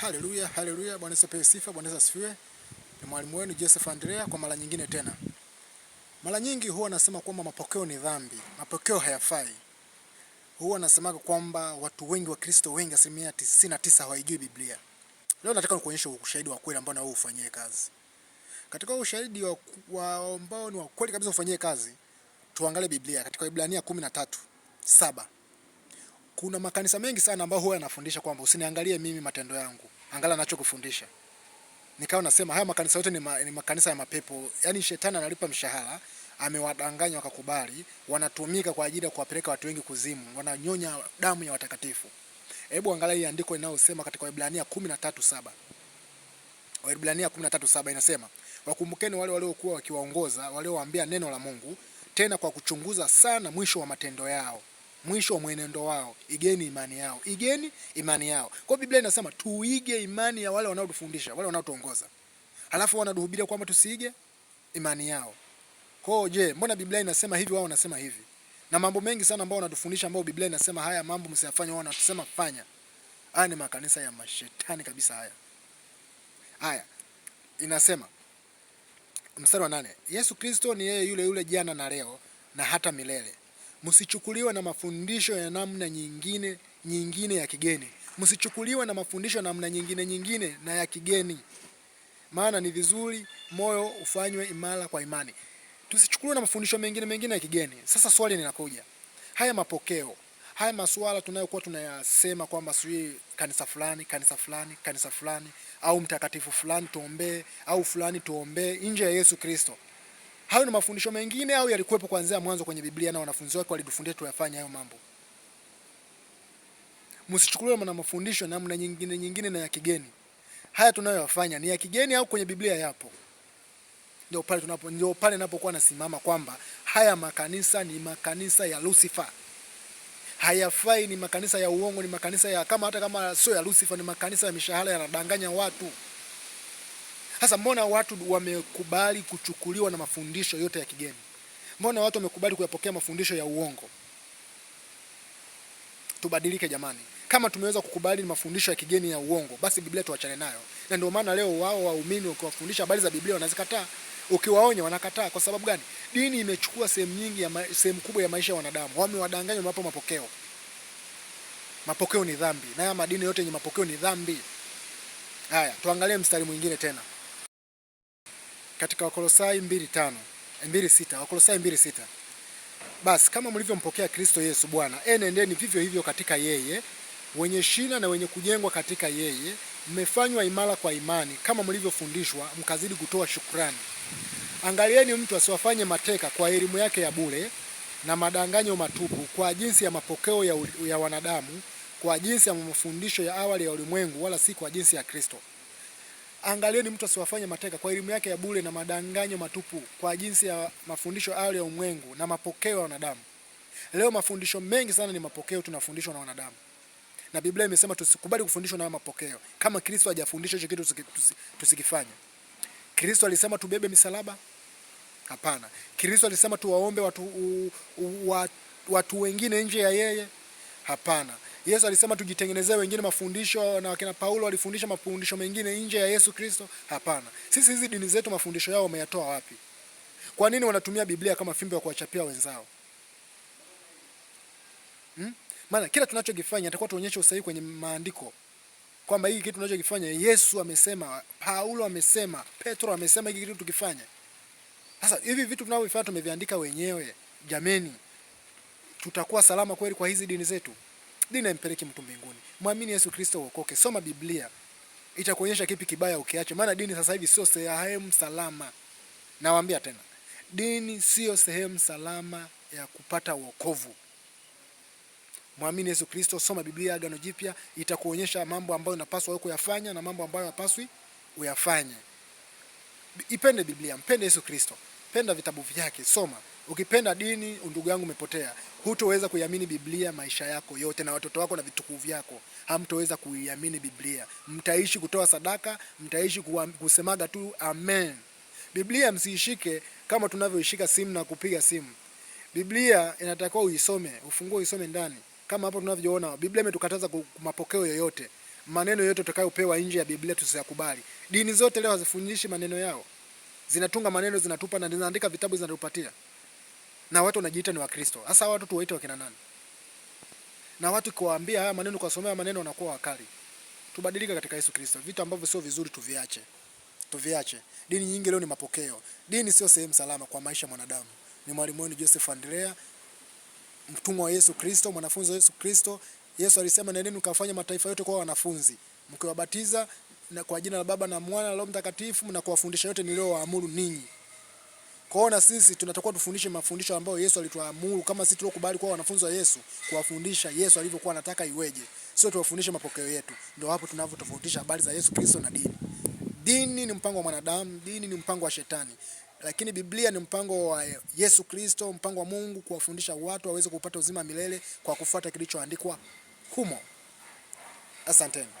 Haleluya, haleluya. Bwana Yesu apewe sifa, Bwana Yesu asifiwe. Ni mwalimu wenu Joseph Andrea kwa mara nyingine tena. Mara nyingi huwa nasema kwamba mapokeo ni dhambi, mapokeo hayafai. Huwa nasemaga kwamba watu wengi wa Kristo wengi, asilimia tisini na tisa hawaijui Biblia. Leo nataka nikuonyeshe ushahidi wa kweli ambao na wewe ufanyie kazi. Katika ushahidi wa, wa ambao ni wa kweli kabisa ufanyie kazi, tuangalie Biblia katika Ibrania 13:7 kuna makanisa mengi sana ambayo huwa yanafundisha kwamba usiniangalie mimi matendo yangu, angalia nachokufundisha. Nikawa nasema haya makanisa yote ni, ma, ni makanisa ya mapepo, yaani shetani analipa mshahara, amewadanganya wakakubali, wanatumika kwa ajili ya kuwapeleka watu wengi kuzimu, wananyonya damu ya watakatifu. Hebu angalia hii andiko linalosema katika Waebrania 13:7. Waebrania 13:7 inasema, wakumbukeni wale waliokuwa wakiwaongoza, walioambia neno la Mungu, tena kwa kuchunguza sana mwisho wa matendo yao mwisho wa mwenendo wao, igeni imani yao, igeni imani yao. Kwa hiyo Biblia inasema tuige imani ya wale wanaotufundisha, wale wanaotuongoza, halafu wanatuhubiria kwamba tusiige imani yao. Kwa hiyo je, mbona Biblia inasema hivi, wao wanasema hivi? Na mambo mengi sana ambao wanatufundisha, ambao Biblia inasema haya mambo msiyafanye, wao wanatusema fanya. Haya ni makanisa ya mashetani kabisa haya. Haya inasema mstari wa nane, Yesu Kristo ni yeye yule yule jana na leo na hata milele msichukuliwe na mafundisho ya namna nyingine nyingine ya kigeni, msichukuliwe na mafundisho ya namna nyingine nyingine na ya kigeni, maana ni vizuri moyo ufanywe imara kwa imani. Tusichukuliwe na mafundisho mengine mengine ya kigeni. Sasa swali linakuja, haya mapokeo haya masuala tunayokuwa tunayasema kwamba sijui kanisa fulani kanisa fulani kanisa fulani au mtakatifu fulani tuombee, au fulani tuombee, nje ya Yesu Kristo. Hayo ni mafundisho mengine au yalikuwepo kuanzia mwanzo kwenye Biblia na wanafunzi wake walitufundia tuyafanye hayo mambo? Msichukuliwe na mafundisho namna nyingine nyingine na ya kigeni. Haya tunayoyafanya ni ya kigeni au kwenye Biblia yapo? Ndio pale tunapo, ndio pale ninapokuwa nasimama kwamba haya makanisa ni makanisa ya Lucifer, hayafai. Ni makanisa ya uongo, ni makanisa ya kama hata kama sio ya Lucifer, ni makanisa ya mishahara, yanadanganya watu. Sasa mbona watu wamekubali kuchukuliwa na mafundisho yote ya kigeni? Mbona watu wamekubali kuyapokea mafundisho ya uongo? Tubadilike jamani. Kama tumeweza kukubali mafundisho ya kigeni ya uongo, basi Biblia tuachane nayo. Na ndio maana leo wao waumini ukiwafundisha habari za Biblia wanazikataa, ukiwaonya wanakataa. Kwa sababu gani? Dini imechukua sehemu nyingi ya sehemu kubwa ya maisha ya wanadamu. Wamewadanganya mapo mapokeo. Mapokeo ni dhambi, na haya madini yote yenye mapokeo ni dhambi. Haya, tuangalie mstari mwingine tena katika Wakolosai 2:5 2:6, eh, Wakolosai 2:6. Basi kama mlivyompokea Kristo Yesu Bwana, enendeni eh, vivyo hivyo katika yeye, wenye shina na wenye kujengwa katika yeye, mmefanywa imara kwa imani, kama mlivyofundishwa, mkazidi kutoa shukrani. Angalieni mtu asiwafanye mateka kwa elimu yake ya bure na madanganyo matupu, kwa jinsi ya mapokeo ya, ya wanadamu, kwa jinsi ya mafundisho ya awali ya ulimwengu, wala si kwa jinsi ya Kristo. Angalieni mtu asiwafanye mateka kwa elimu yake ya bure na madanganyo matupu kwa jinsi ya mafundisho hayo ya umwengu na mapokeo ya wanadamu. Leo mafundisho mengi sana ni mapokeo, tunafundishwa na wanadamu, na Biblia imesema tusikubali kufundishwa na mapokeo. Kama Kristo hajafundisha hicho kitu tusikifanye. Kristo alisema tubebe misalaba? Hapana. Kristo alisema tuwaombe watu, u, u, watu wengine nje ya yeye? Hapana. Yesu alisema tujitengenezee wengine mafundisho, na wakina Paulo walifundisha mafundisho mengine nje ya Yesu Kristo? Hapana. Sisi hizi dini zetu mafundisho yao wameyatoa wapi? Kwa nini wanatumia Biblia kama fimbo ya kuwachapia wenzao? Hmm? Maana kila tunachokifanya atakuwa tuonyeshe usahihi kwenye maandiko kwamba hiki kitu tunachokifanya Yesu amesema, Paulo amesema, Petro amesema hiki kitu tukifanya. Sasa hivi vitu tunavyofanya tumeviandika wenyewe. Jameni, tutakuwa salama kweli kwa hizi dini zetu? dini haimpeleki mtu mbinguni. Mwamini Yesu Kristo uokoke. Soma Biblia. Itakuonyesha kipi kibaya ukiache. Maana dini sasa hivi sio sehemu salama. Nawaambia tena. Dini sio sehemu salama ya kupata wokovu. Mwamini Yesu Kristo, soma Biblia, Agano Jipya, itakuonyesha mambo ambayo unapaswa wewe kuyafanya na mambo ambayo unapaswi uyafanye. Ipende Biblia, mpende Yesu Kristo, penda vitabu vyake, soma. Ukipenda dini, ndugu yangu, umepotea. Hutoweza kuiamini Biblia maisha yako yote, na watoto wako na vitukuu vyako hamtoweza kuiamini Biblia. Mtaishi kutoa sadaka, mtaishi kusemaga tu amen. Biblia msiishike kama tunavyoishika simu na kupiga simu. Biblia inatakiwa uisome, ufungue uisome ndani, kama hapo tunavyoona. Biblia imetukataza mapokeo yoyote, maneno yote tutakayopewa nje ya Biblia tusiyakubali. Dini zote leo hazifundishi maneno yao, zinatunga maneno, zinatupa na zinaandika vitabu, zinatupatia na watu wanajiita ni Wakristo. Sasa watu tuwaite wakina nani? Na watu kuwaambia haya maneno, kuwasomea maneno, wanakuwa wakali. Tubadilike katika Yesu Kristo. Vitu ambavyo sio vizuri tuviache, tuviache. Dini nyingi leo ni mapokeo. Dini sio sehemu salama kwa maisha ya mwanadamu. Ni mwalimu wenu Joseph Andrea, mtumwa wa Yesu Kristo, mwanafunzi wa Yesu Kristo. Yesu alisema, nendeni mkafanya mataifa yote kuwa wanafunzi, mkiwabatiza na kwa jina la Baba na Mwana na Roho Mtakatifu, na kuwafundisha yote niliyowaamuru ninyi. Kwa na sisi tunatakuwa tufundishe mafundisho ambayo Yesu alituamuru, kama sisi tuliokubali kuwa wanafunzi wa Yesu, kuwafundisha Yesu alivyokuwa anataka iweje, sio tuwafundishe mapokeo yetu. Ndio hapo tunavyotofautisha habari za Yesu Kristo na dini. Dini ni mpango wa mwanadamu, dini ni mpango wa Shetani, lakini Biblia ni mpango wa Yesu Kristo, mpango wa Mungu kuwafundisha watu waweze kupata uzima milele kwa kufuata kilichoandikwa humo. Asanteni.